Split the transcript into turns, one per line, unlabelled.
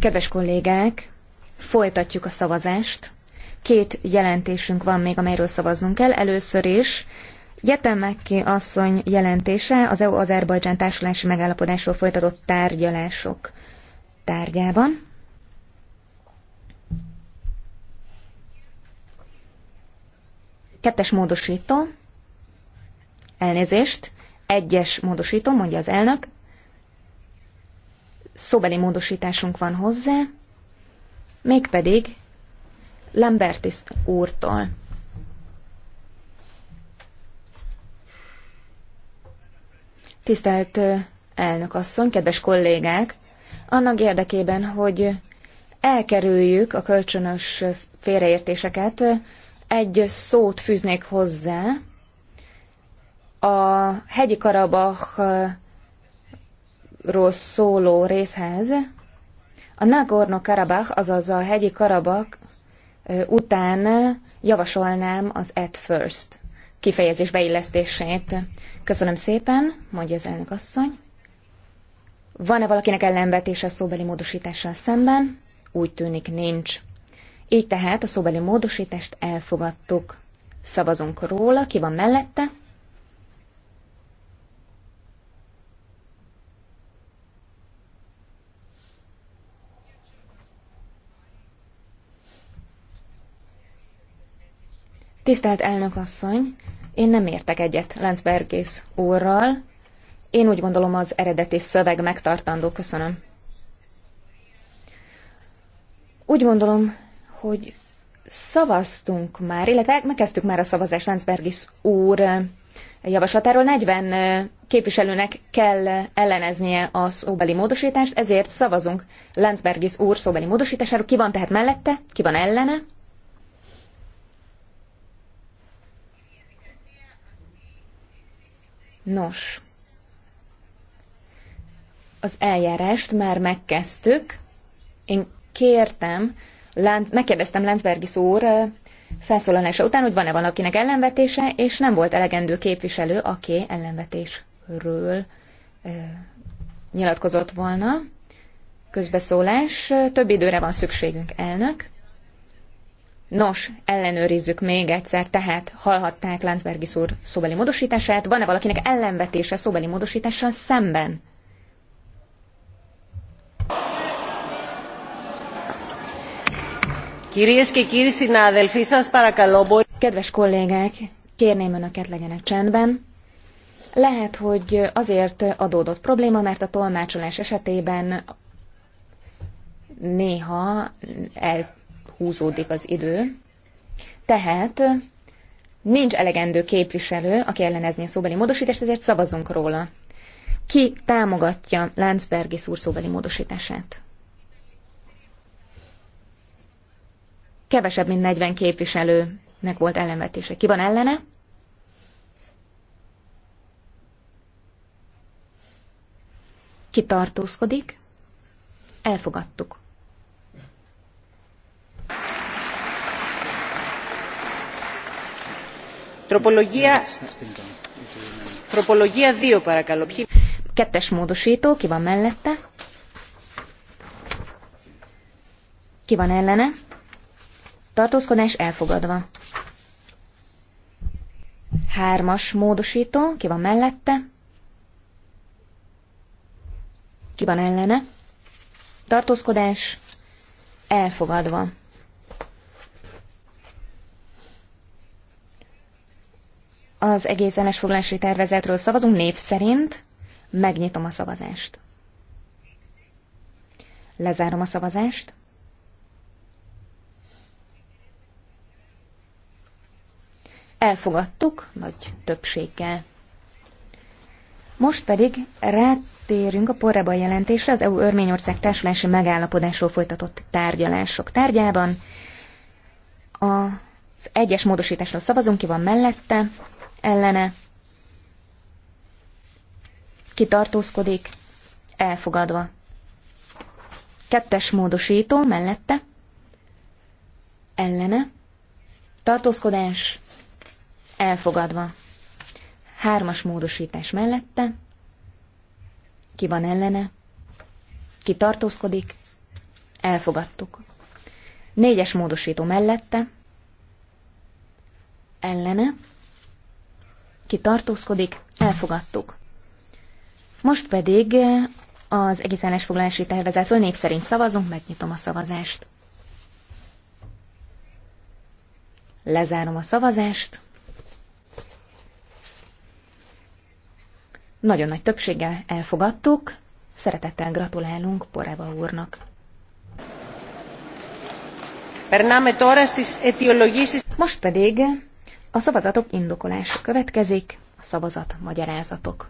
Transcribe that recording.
Kedves kollégák, folytatjuk a szavazást. Két jelentésünk van még, amelyről szavaznunk kell. Először is Jetemekki asszony jelentése az EU-Azerbajdzsán társulási megállapodásról folytatott tárgyalások tárgyában. Kettes módosító. Elnézést. Egyes módosító, mondja az elnök szóbeli módosításunk van hozzá, mégpedig Lambertis úrtól. Tisztelt elnök asszony, kedves kollégák! Annak érdekében, hogy elkerüljük a kölcsönös félreértéseket, egy szót fűznék hozzá. A hegyi Karabach ról szóló részhez. A Nagorno-Karabakh, azaz a hegyi Karabak után javasolnám az at first kifejezés beillesztését. Köszönöm szépen, mondja az elnök asszony. Van-e valakinek ellenvetése szóbeli módosítással szemben? Úgy tűnik nincs. Így tehát a szóbeli módosítást elfogadtuk. Szavazunk róla, ki van mellette? Tisztelt elnök asszony, én nem értek egyet Lenzbergész úrral. Én úgy gondolom az eredeti szöveg megtartandó. Köszönöm. Úgy gondolom, hogy szavaztunk már, illetve megkezdtük már a szavazást Lenzbergis úr javaslatáról. 40 képviselőnek kell elleneznie a szóbeli módosítást, ezért szavazunk Lenzbergis úr szóbeli módosításáról. Ki van tehát mellette, ki van ellene? Nos, az eljárást már megkezdtük. Én kértem, Lánc, megkérdeztem Lenzbergi úr felszólalása után, hogy van-e valakinek ellenvetése, és nem volt elegendő képviselő, aki ellenvetésről ö, nyilatkozott volna. Közbeszólás, több időre van szükségünk, elnök. Nos, ellenőrizzük még egyszer, tehát hallhatták Lánzbergi úr szóbeli módosítását. Van-e valakinek ellenvetése szóbeli módosítással szemben? Kedves kollégák, kérném önöket legyenek csendben. Lehet, hogy azért adódott probléma, mert a tolmácsolás esetében néha el húzódik az idő, tehát nincs elegendő képviselő, aki ellenezni a szóbeli módosítást, ezért szavazunk róla. Ki támogatja Láncbergi szúr szóbeli módosítását? Kevesebb, mint 40 képviselőnek volt ellenvetése. Ki van ellene? Ki tartózkodik? Elfogadtuk. Τροπολογία... Τροπολογία 2 παρακαλώ. Kettes módosító, ki van mellette? Ki van ellene? Tartózkodás elfogadva. Hármas módosító, ki van mellette? Ki van ellene? Tartózkodás elfogadva. az egész állásfoglalási tervezetről szavazunk név szerint. Megnyitom a szavazást. Lezárom a szavazást. Elfogadtuk nagy többséggel. Most pedig rátérünk a Porreba jelentésre az EU-Örményország társulási megállapodásról folytatott tárgyalások tárgyában. Az egyes módosításról szavazunk, ki van mellette, ellene kitartózkodik, elfogadva. Kettes módosító mellette, ellene, tartózkodás, elfogadva. Hármas módosítás mellette, ki van ellene, ki tartózkodik, elfogadtuk. Négyes módosító mellette, ellene, ki tartózkodik, elfogadtuk. Most pedig az egész állásfoglalási tervezetről név szerint szavazunk, megnyitom a szavazást. Lezárom a szavazást. Nagyon nagy többséggel elfogadtuk. Szeretettel gratulálunk Poreva úrnak. Most pedig a szavazatok indokolása következik, a szavazat magyarázatok.